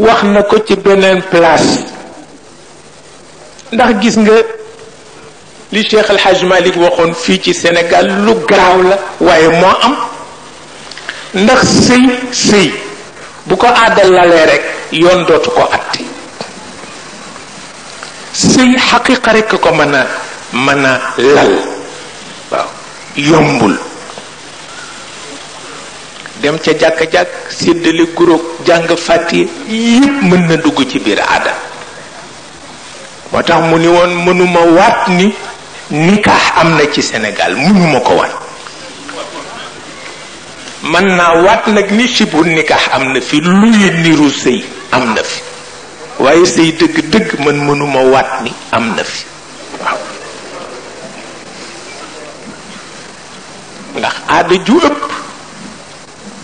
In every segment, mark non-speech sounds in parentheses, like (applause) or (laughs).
wax na ko ci beneen place ndax gis nga li Cheikh El Hadj waxoon fii ci Sénégal lu garaaw la waaye moo am ndax sëy sëy bu ko aadal lalee rek yoon dootu ko atte sëy xaqiqa rek ko mën a mën a lal yombul dem ca jàkk-jàkk séddale groupe jàng fàtti yépp mën na dugg ci biir aada moo tax mu ni woon mënuma waat ni nikaax am na ci Sénégal mënuma ko wan mën naa waat nag ni sibu nikaax am na fi luy niru sëy am na fi waaye sëy dëgg-dëgg man mënuma waat ni am na fi waaw ndax aada ju ëpp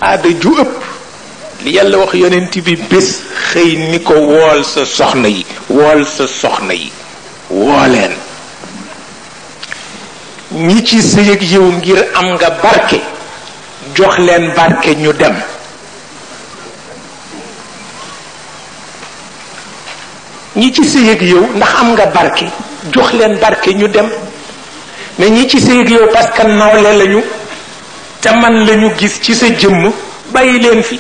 aada ju ëpp li yàlla wax yonent bi bés xëy ni ko wool sa soxna yi wool sa soxna yi wooleen ñi ci sëyëg yow ngir am nga barke jox leen barke ñu dem ñi ci sëyëg yow ndax am nga barke jox leen barke ñu dem mais ñi ci sëyëg yow parce que nawle lañu te man lañu gis ci sa jëmm bàyyi leen fi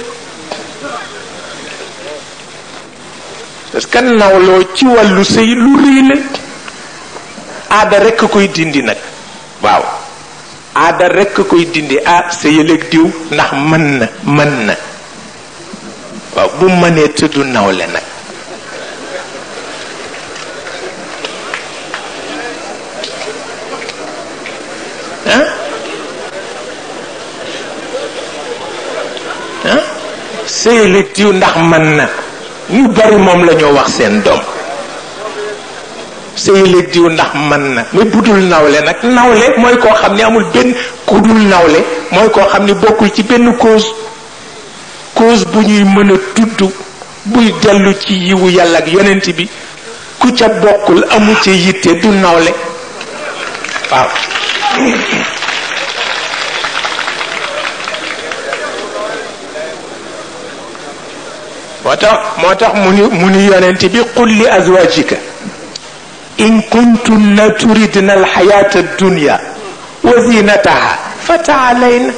parce que nawloo ci wàllu sëy lu rëy aada rekk koy dindi nag waaw aada rekk a koy dindi ah sëyaleeg diw ndax mën na mën na waaw bu mënee tudd nawle nag séylu tiw ndax man na ñu bari moom lañoo wax seen doom séylu tiw ndax man na mais budul nawle nag nawle mooy koo xam ni amul benn kudul nawle mooy koo xam ne bokkul ci benn cause cause bu ñuy mën tudd buy dellu ci yiwu yàlla ak yonent bi ku ca bokkul amul ca yitte du nawle waaw moo tax moo tax mu yonent bi qul li azwajika in kuntunna turidna alxayata dunya wa zinataha fataalayna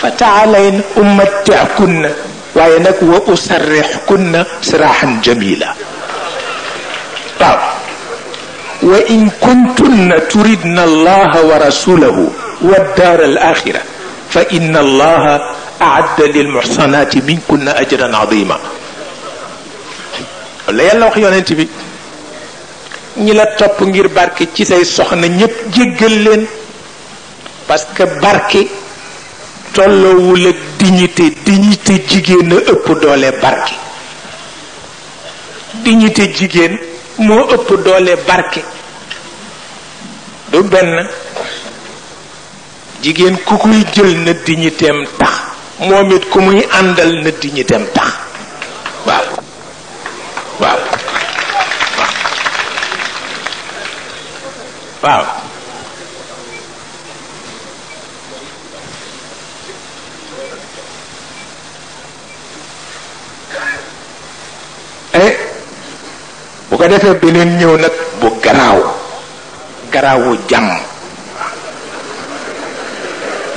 fataalayna ummatti'kunna waaye nag wa usarrixkunna sirahan jamila waaw wa in kuntunna turidna allaha wa rasulahu والدار الآخرة فإن الله aadda lil muxsanaati min kunna ajran adima la yàlla wax yonent bi ñi la topp ngir barki ci say soxna ñépp jéggal leen parce que barke tolloowul ak dignité dignité jigéen ëpp doole barke dignité jigéen moo ëpp doole barke du benn jigéen ku koy jël na dignitéem tax momit it ku muy àndal na di ñi dem tax waaw waaw waaw eh bu ko defee beneen ñëw nag bu garaaw garaawu jàmm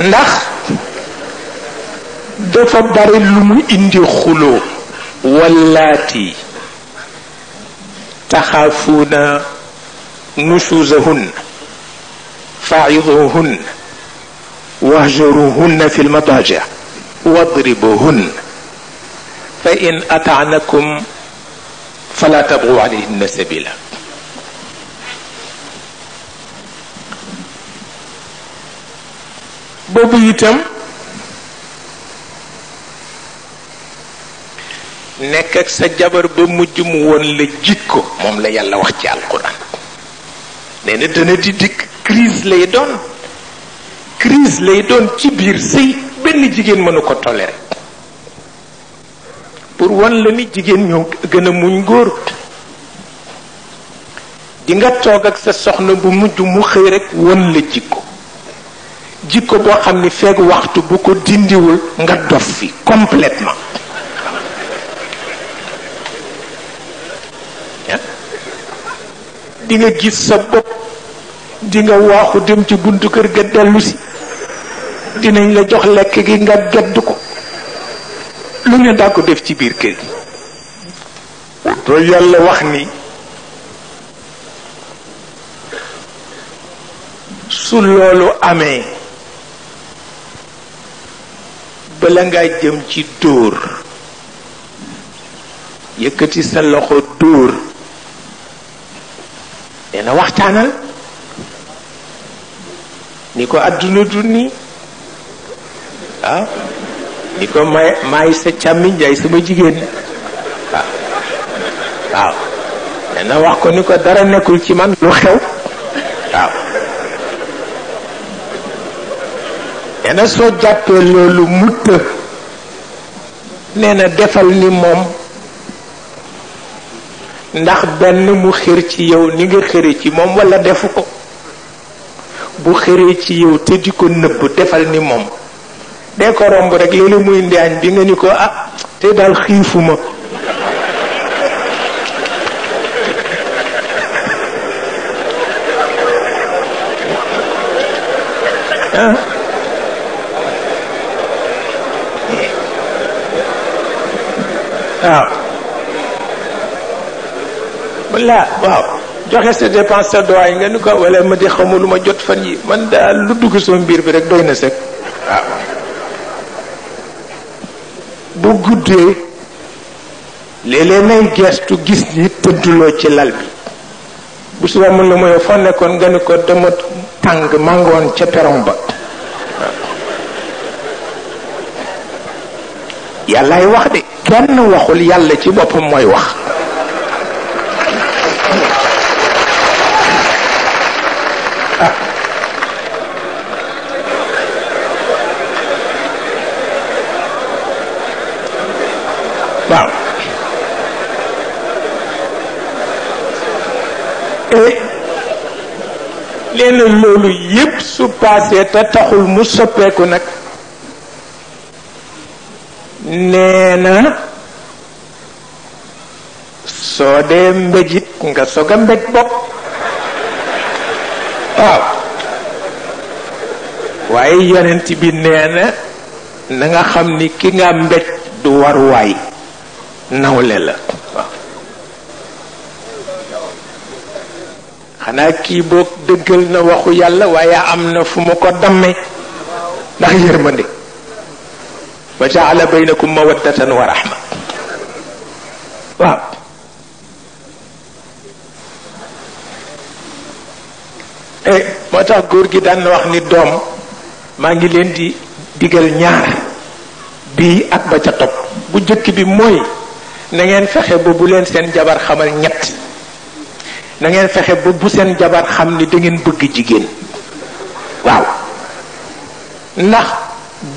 ndax dafa bari lu mu indi xuloo wallaati taxaafuuna nushuzahun faiduhun wahjuruhunna fi wadribuhun fa in ata'nakum fala tabghu عليهن سبيلا bobu itam nekk ak sa jabar ba mujj mu woon la jikko moom la yàlla wax ci alquran nee na dana di dikk kris lay doon crise lay doon ci biir sëy benn jigéen mënu ko tolle toléré pour wan la ni jigéen ñoo gën a muñ góor di nga toog ak sa soxna bu mujj mu xëy rek won la jikko jikko boo xam ni feeg waxtu bu ko dindiwul nga dof fi complètement di nga gis sa bop di nga waxu dem ci buntu kër ga dellu si dinañ la jox lek gi nga gedd ko lu ñu def ci biir kër gi to yalla wax ni su lolu amé bala nga jëm ci dóor yëkëti sa loxo nee na waxtaanal ni ko àdduna du nii waaw ni ko may maay sa càmmiñ yaay sama jigéen waaw waaw na wax ko ni ko dara nekkul ci man lu xew waaw nee soo jàppee loolu mutta nee defal ni moom ndax benn mu xër ci yow ni nga xëre ci moom walla defu ko bu xëree ci yow te di ko nëbb defal ni moom dee ko romb rek léeg-léeg muy ndiyaañ bi nga ni ko ah te daal xiifuma waaw ah. ah. walla waaw joxe sa dépense sa doy nga ni ko wala ma di xamu lu ma jot fan yi man daal lu dugg sama mbir bi rek doy na sëkk waaw ah. bu guddee léeg nay gestu gis ni tëdduloo ci lal bi bu suba mën na mooy foo nekkoon nga ni ko dama tàng màngoon ca peron ba yàllaay wax de kenn waxul yàlla ci boppam mooy wax nee loolu yépp su paasee te taxul mu soppeeku nag nee na soo dee mbéjit nga sog a mbéj bopp waaw waaye yonent bi nee na nga xam ni ki nga mbéj du war waay nawle la xanaa kii boog dëggal na waxu yàlla waaye am na fu mu ko damme ndax yërmande wa jaala baynakum mawaddatan wa rahma waaw eh, moo tax góor gi daan na wax ni doom maa ngi leen di digal ñaar bii ak ba ca topp bu jëkk bi mooy na ngeen fexe ba bu leen seen jabar xamal ñett na ngeen fexe ba bu seen jabar xam ni da ngeen bëgg jigéen waaw ndax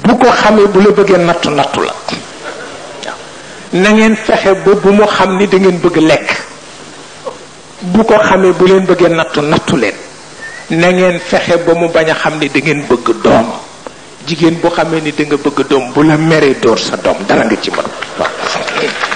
bu ko xamee bu la bëggee nattu nattu la na ngeen fexe ba bu mu xam ni da ngeen bëgg lekk bu ko xamee bu leen bëggee nattu nattu leen na ngeen fexe ba mu bañ a xam ni da ngeen bëgg doom jigéen bu xamee ni da nga bëgg doom bu la meree dóor sa doom dara nga ci mën waaw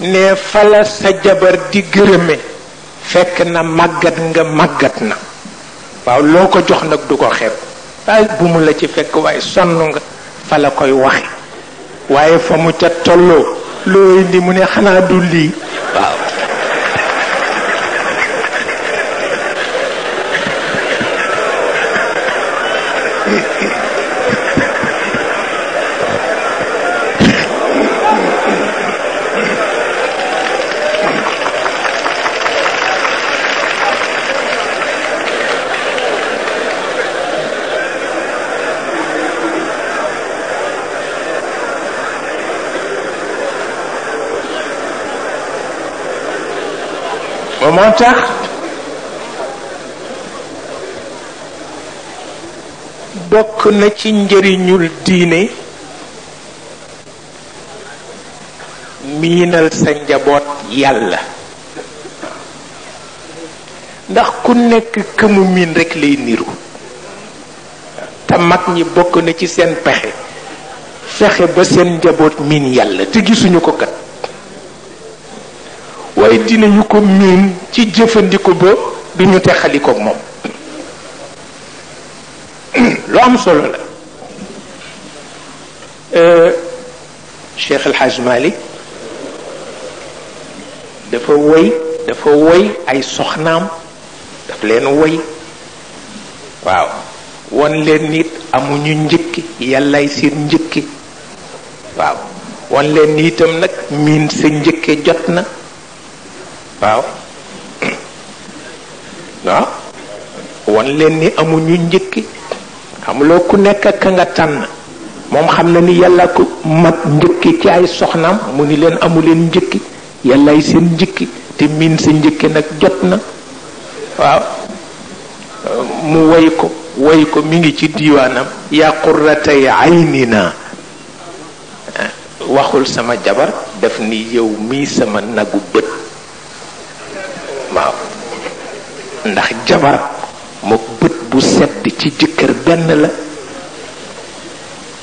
ne fala sa jabar di gërëme fekk na màggat nga màggat na waaw loo ko jox nag du ko xeeb waaye bu mu la ci fekk waaye sonn nga fala koy waxe waaye fa mu ca tolloo loo indi mu ne xanaa du lii moja bokk na ci minel diine miinal sa njaboot yàlla ndax ku nekk këmu miin rek lay niru te mag ñi bokk na ci seen pexe fexe ba seen njaboot miin yàlla te gisuñu ko kat waaye dinañu ko miin ci jëfandiku ba du ñu texaliko moom lu am solo la cheikh alhaj malik dafa woy dafa woy ay soxnaam daf leen woy waaw won leen nit amuñu njëkki yàllaay seen njëkki waaw won leen itam nag miin sa njëkke jot na waaw waaw won leen ni amuñu njëkki xamuloo ku nekk ak ka nga tànn moom xam na ni yàlla ko mag njëkki ci ay soxnaam mu ni leen amuleen njëkki yàllaay seen njëkki te miin sa njëkki nag jot na waaw mu woy ko woy ko mi ngi ci diiwaanam yaa qurratay aynina waxul sama jabar daf ni yow mii sama nagu bët ndax jabar mook bët bu sedd ci jëkkër benn la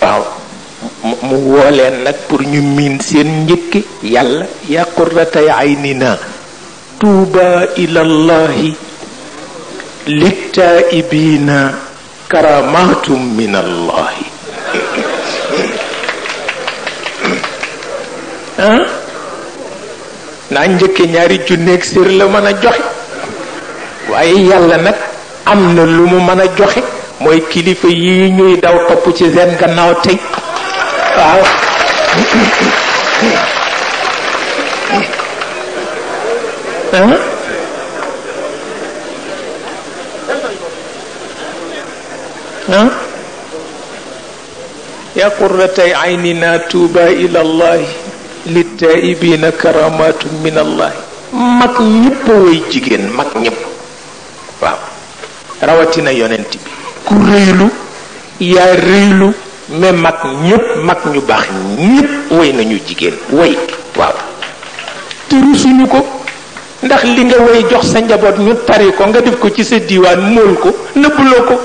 waaw mu woo nag pour ñu miin seen njëkki yàlla yaa ay nina tuuba ilallahi littaibina karamatum min allahi (laughs) naa njëkke ñaari junneeg sér la mën a joxe waaye yàlla nag am na lu mu mën a joxe mooy kilifa yi ñuy daw topp ci seen gannaaw tey waaw yaa qurratay ayni na tuuba ila na karamaatu min allah mag ñëpp way jigéen mag ñépp waaw rawatina yonent bi ku réylu yaa réylu mais mag ñëpp mag ñu baax ñëpp way nañu jigéen way waaw te ko ndax li nga way jox sa njaboot ñu tari ko nga def ko ci sa diwaan móol ko nëbbuloo ko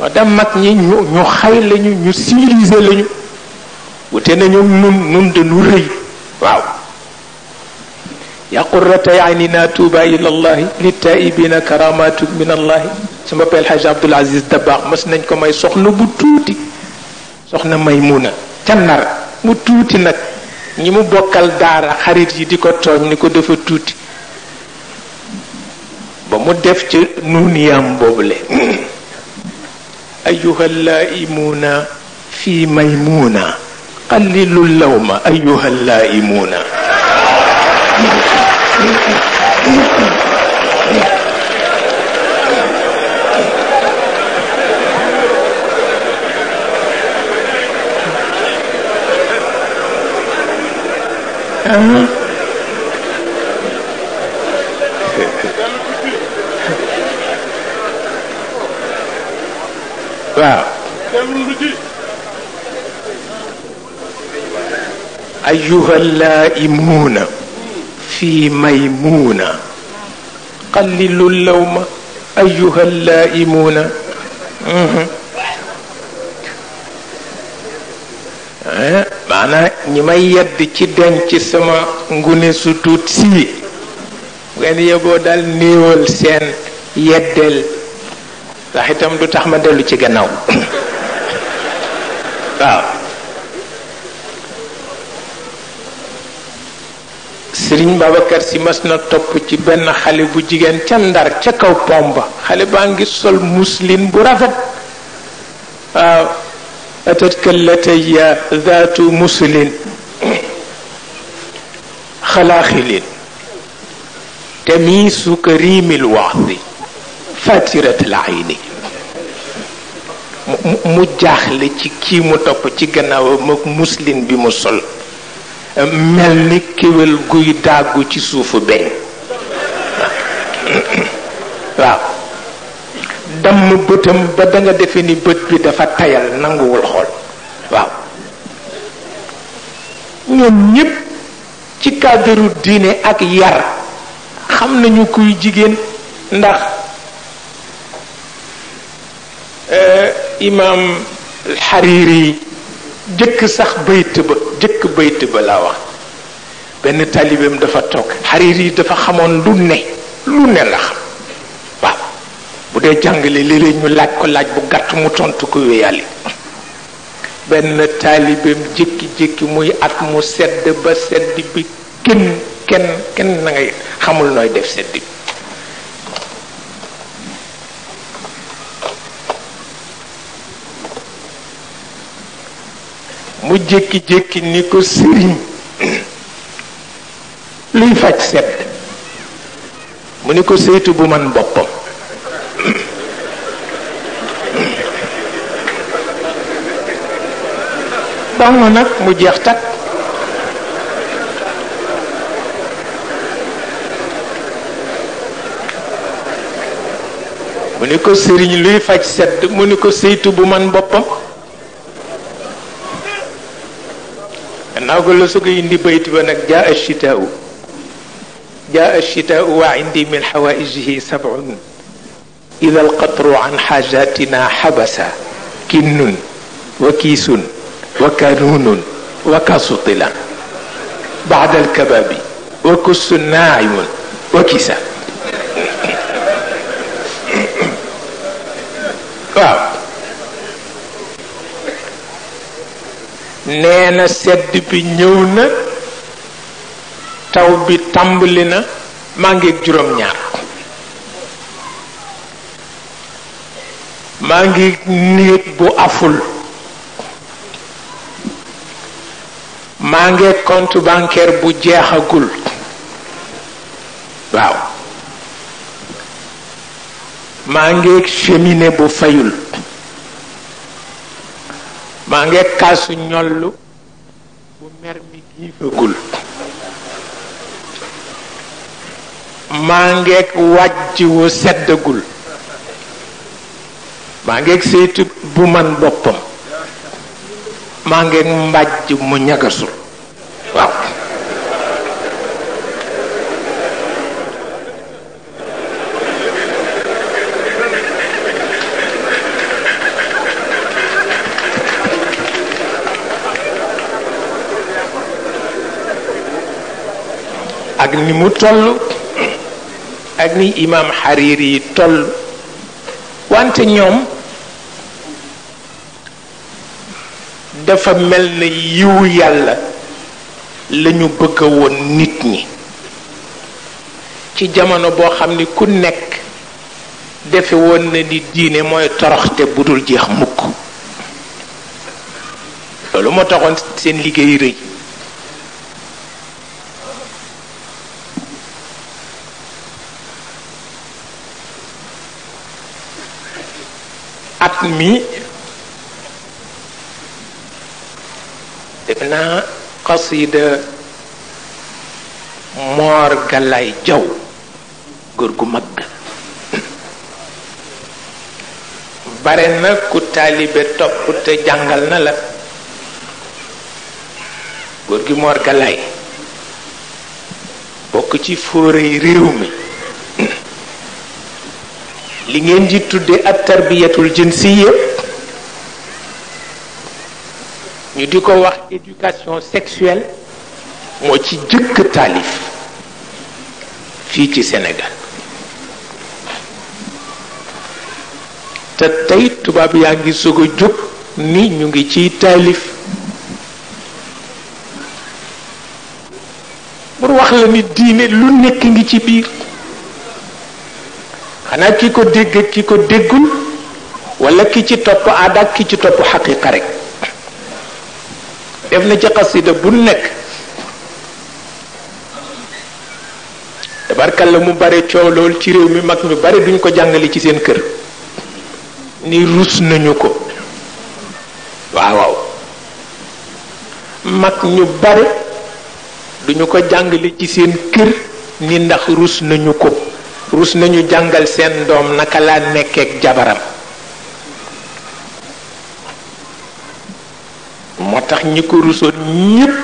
waaw da mag ñi ñu ñu xay lañu ñu civilisé lañu wute nañu nun nun dañu rëy waaw يا قرة عيننا توبا إلى الله للتائبين كرامات من الله سما بيل حاج عبد العزيز دباغ مس نانكو ماي سخنا بو توتي سخنا ميمونة تنر بو توتي نك ñi mu bokkal daara xarit yi di ko tooñ ni ko dafa tuuti ba mu def ci nuuniyam boobule ayuha laaimuna fi maymuna قللوا اللوم ايها اللائمون Uh-huh. أيها اللائمون في ميمونة قللوا اللوم أيها اللائمون maanaam ñi may yedd ci ci sama ngune su tuut sii ngeen yeboo dal néewal seen yeddeel ndax itam du tax ma dellu ci gannaaw waaw sëriñ babacar si mas na topp ci benn xale bu jigéen ca ndar ca kaw pomba xale baa ngi sol muslin bu rafet waaw أتتك التي ذات مسل خلاخل تميس كريم الوعظ فاترة العين mu jaaxle ci kii mu topp ci gannaawam ak muslin bi mu sol mel ni kéwél guy dàggu ci suufu beñ waaw damm bëtam ba da nga defe ni bët bi dafa tayal nanguwul xool waaw ñoom ñépp ci cadre diine ak yar xam nañu kuy jigéen ndax euh, imaam yi jëkk sax bayt ba jëkk bayt ba laa wax benn taalibeem dafa toog xarir yi dafa xamoon lu ne lu ne la xam waaw bu dee jàngale léeg-léeg ñu laaj ko laaj bu gàtt mu tontu ko wéyale benn taalibeem jékki-jékki muy at mu sedd ba sedd bi kenn kenn kenn na xamul nooy def sedd bi mu jékki-jékki ni ko sëriñ luy faj sedd mu ni ko saytu bu man boppam dox nag mu jeex takk mu ni ko sëriñ luy faj sedd mu ni ko saytu bu man boppam نقول قال لسوك يندي بيت بنك جاء الشتاء جاء الشتاء وعندي من حوائجه سبع إذا القطر عن حاجاتنا حبس كن وكيس وكانون وكسطلا بعد الكباب وكس ناعم وكسا nee na sedd bi ñëw na taw bi tàmbali na maa ngi juróom-ñaar maa ngi néeg bu aful maa ngi compte bancaire bu jeexagul waaw maa ngi cheminée bu fayul maa ngi kaasu ñollu bu mer mi giifagul maa ngi wàjj wu seddagul maa ngi saytu bu man boppam maa ngi mbàjj mu ñagasul ak ni mu toll ak ni imaam Hariri yi toll wante ñoom dafa mel na yiwu yàlla lañu bëgg woon nit ñi ci jamono boo xam ne ku nekk defe woon na di diine mooy toroxte bu dul jeex mukk loolu moo taxoon seen liggéey rëy at mi def naa xasida moor galay jaw góor gu mag bare na ku taalibe topp te jàngal na la góor gi moor bokk ci fóorey réew mi li ngeen ji tudde ak tarbiyatul jinsiya ñu di ko wax éducation sexuelle moo ci jëkk taalif fii ci Sénégal te tey tubaab yaa ngi soog a jóg ni ñu ngi ciy taalif pour wax la ni diine lu nekk ngi ci biir xanaa ki ko dégg ki ko déggul wala ki ci topp aada ki ci topp xaqiqa rek def na ci xasida bu nekk tabarkal la mu bare coow lool ci réew mi mag mi bare duñ ko jàngale ci seen kër ni rus nañu ko waaw ñu bare duñu ko jàngale ci seen kër ni ndax rus nañu ko rus nañu jàngal seen doom naka laa nekkeek jabaram moo tax ñi ko rusoon ñépp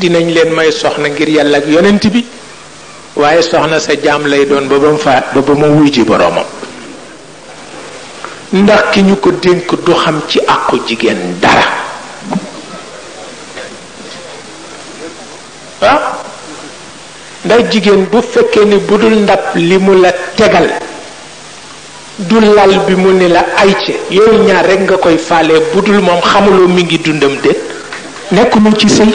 dinañ leen may soxna ngir yàlla ak yonent bi waaye soxna sa jaam lay doon ba ba mu faat ba ba mu wuy boroomam ndax ki ñu ko dénk du xam ci àqu jigéen dara ndax jigéen bu fekkee ni bu dul ndab li mu la tegal du lal bi mu ni la ay ci yooyu ñaar rekk nga koy fale bu dul moom xamuloo mi ngi dundam déet nekkuloo ci sëy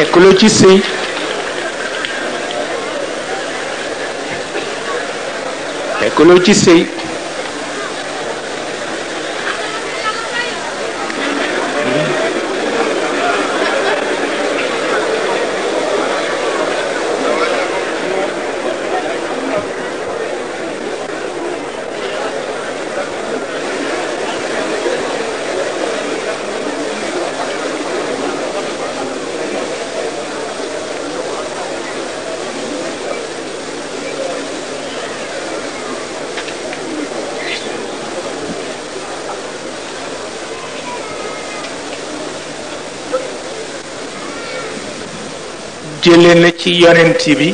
nekkuloo ci sëy nekkuloo ci sëy jële na ci yonent bi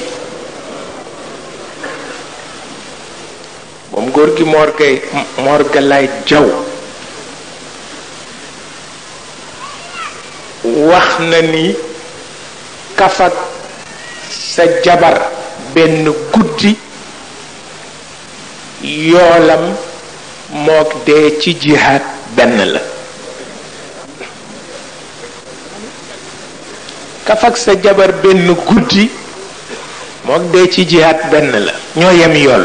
moom góor gi moor gay moor galaay jaw wax na ni kafak sa jabar benn guddi yoolam mook dee ci jihaad benn la kafak sa jabar benn guddi mook dee ci jihaat benn la ñoo yem yool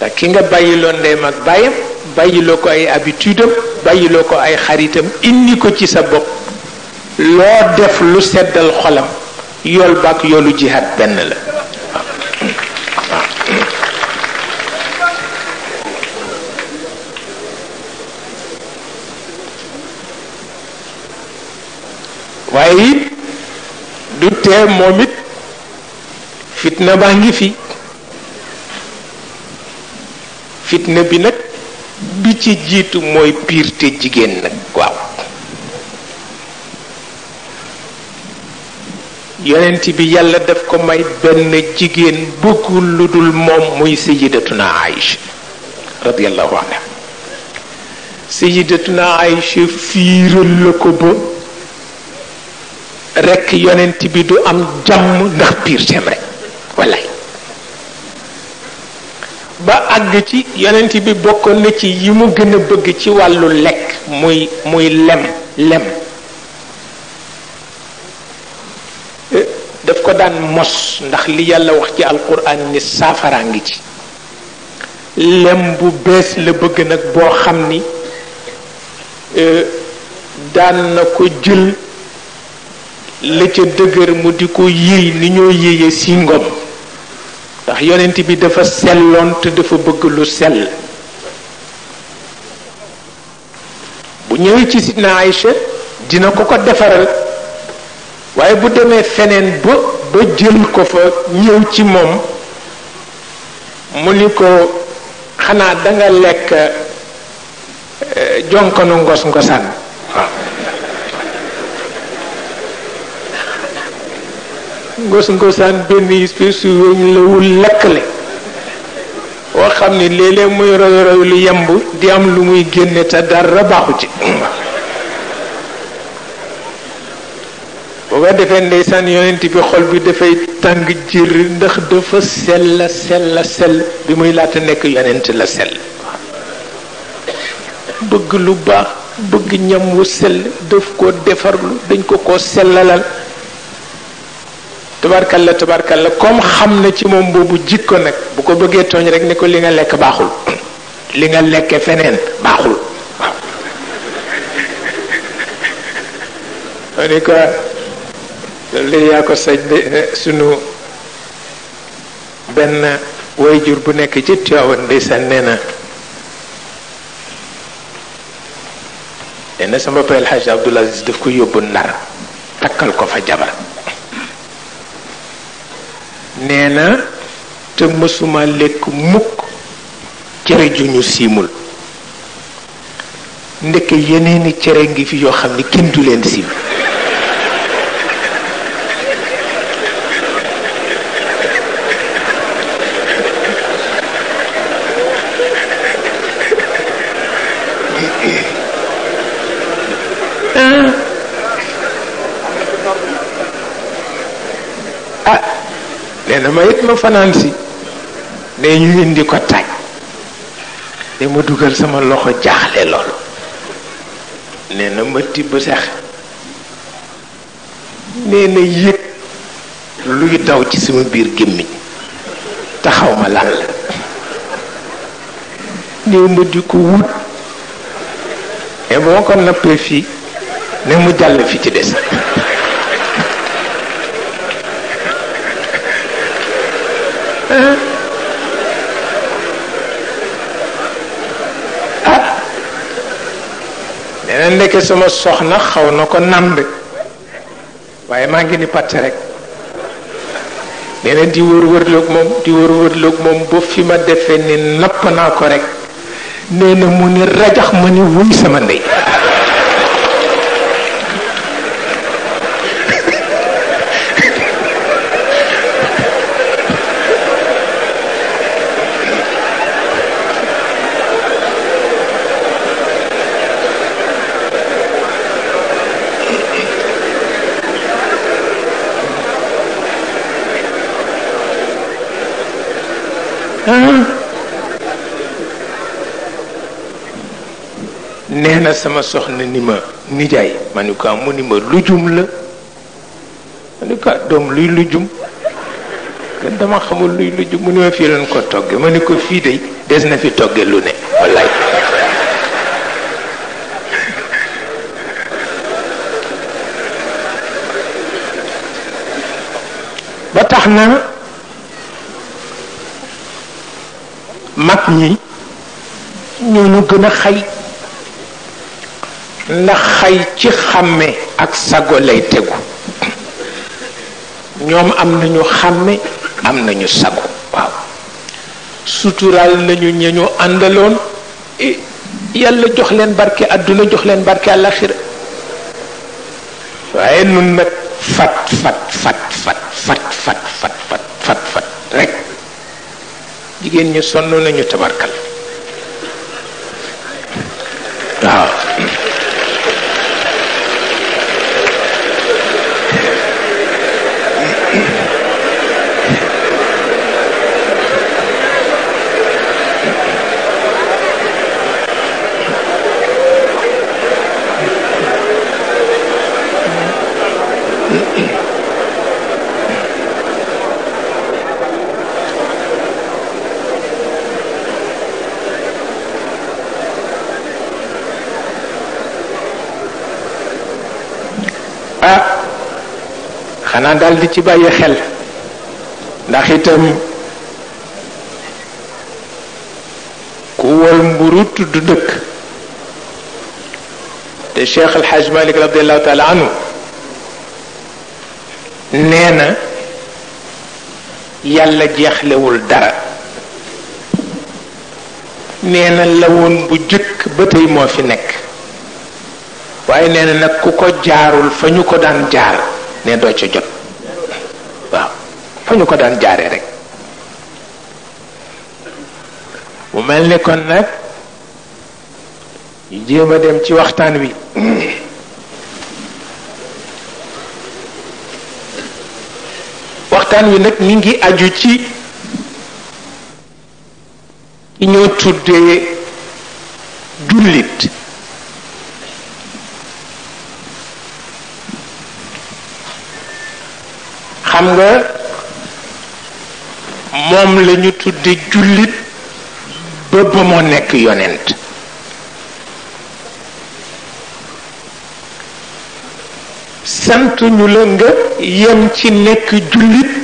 te ki nga bàyyiloo ndeyam ak bàyyam bàyyiloo ko ay habitude am bàyyiloo ko ay xaritam indi ko ci sa bopp loo def lu seddal xolam yool baak yoolu jihaat benn la waaye it du tee moom it fitna baa ngi fi fitna bi nag bi ci jiitu mooy piirte jigéen nag waaw yonent bi yàlla daf ko may benn jigéen bëggul lu dul moom muy sayyidatuna Aïcha radiyallahu anha sayyidatuna Aïcha fiiral la ko ba rekk yonent bi du am jàmm ndax piir seen rek wallaay ba àgg ci yonent bi bokkoon na ci yi mu gën a bëgg ci wàllu lekk muy muy lem lem eh, daf ko daan mos ndax li yàlla wax ci alquran ni saafaraa ngi ci lem bu bees la bëgg nag boo xam ni eh, daan na ko jël la ca dëgër mu di ko yëy ni ñoo yëye si ngom ndax yonent bi dafa selloon te dafa bëgg lu sell bu ñëwee ci sidna Aïcha dina ko ko defaral waaye bu demee feneen ba ba jël ko fa ñëw ci moom mu ni ko xanaa danga lekk eh, jonkanu ngos ngosaan ngos-ngosaan benn espèce la wul lakkale boo xam ni léeg-léeg muy roy roy lu yemb di am lu muy génne te dara baaxu ci boo ko defee ndeysaan yonent bi xol bi dafay tàng jër ndax dafa sell sell sell bi muy laata nekk yonent la sell bëgg lu baax bëgg ñam wu sell daf ko defarlu dañ ko ko sellalal tabarkal la tabarkal la comme xam na ci moom boobu jikko nag bu ko bëggee tooñ rek ni ko li nga lekk baaxul li nga lekke feneen baaxul waaw ma ko loolu yaa ko saj de eh, sunu benn wayjur bu nekk ci Tiwaawan ndeysaan nee na nee sama payel Hajj Abdoul Aziz daf ko yóbbu Ndar takkal ko fa jabar nee na te mësuma lekk mukk cere ju ñu siimul ndeke yeneeni cere ngi fi yoo xam ne kenn du leen siim nee na ma it ma fanaan si ne ñu indi ko taj ne ma dugal sama loxo jaaxle loolu nee na ma tibb sax nee na yëg luy daw ci sama biir gémmiñ te xaw ma lan la nee ma di ko wut e boo ko nappee fii ne mu jàll fii ci des ndeke sama soxna xaw na ko nàmb waaye maa ngi ni pàtt rek nee na di wër moom diwur wër moom ba fi ma defee ni napp naa ko rek nee na mu ni rajax ma ni wuy sama ndey na sama soxna ni ma nijaay ma ni ko mu ni ma lujum la ma ni ko ah, doom luy lujum kenn dama xamul luy lujum mu ni ma fii lañ ko togge ma ni ko fii de des na fi togge lu ne wallaay ba tax na mag ñi ñoo ñu gën a xay ndax xay ci xàmme ak sago lay tegu ñoom am nañu xàmme am nañu sago waaw suturaal nañu ña ñu àndaloon yàlla jox leen barke àdduna jox leen barke àllaaxira waaye nun nag fat fat fat fat fat fat fat fat fat fat rek jigéen ñi sonn nañu tabarkal waaw ah xanaa daal di ci bàyyi xel ndax itam ku wal mburu tudd dëkk te cheikh alxaaj malik radiallahu taala anhu yàlla jeexlewul dara nee na la woon bu jëkk ba tey moo fi nekk waaye nee na nag ku ko jaarul fa ñu ko daan jaar ne doo ca jot waaw fa ñu ko daan jaaree rek mu mel ni kon nag ñu jéem a dem ci waxtaan wi waxtaan wi nag ngi aju ci ki ñoo tuddee jullit moom la ñu tuddee jullit nekk yonent sant ñu la nga yem ci nekk jullit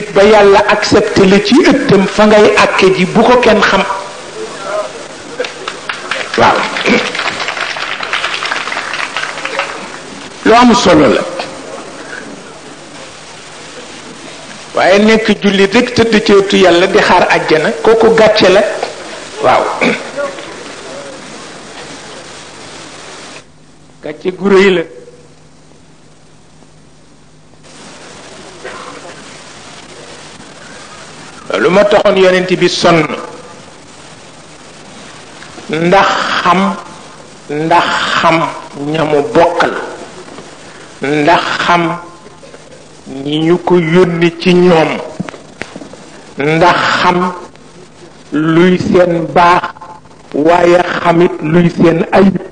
ba yàlla accepté la ci ëttam fa ngay àkke ji bu ko kenn xam waaw lu am solo la waaye nekk jullit rek tëdd ci ëttu yàlla di xaar àjjana kooku gàcce la waaw gàcce gu rëy la lu ma taxoon yonent bi sonn ndax xam ndax xam ñamu bokkal ndax xam ñi ñu ko yónni ci ñoom ndax xam luy seen baax waaye xamit luy seen ayib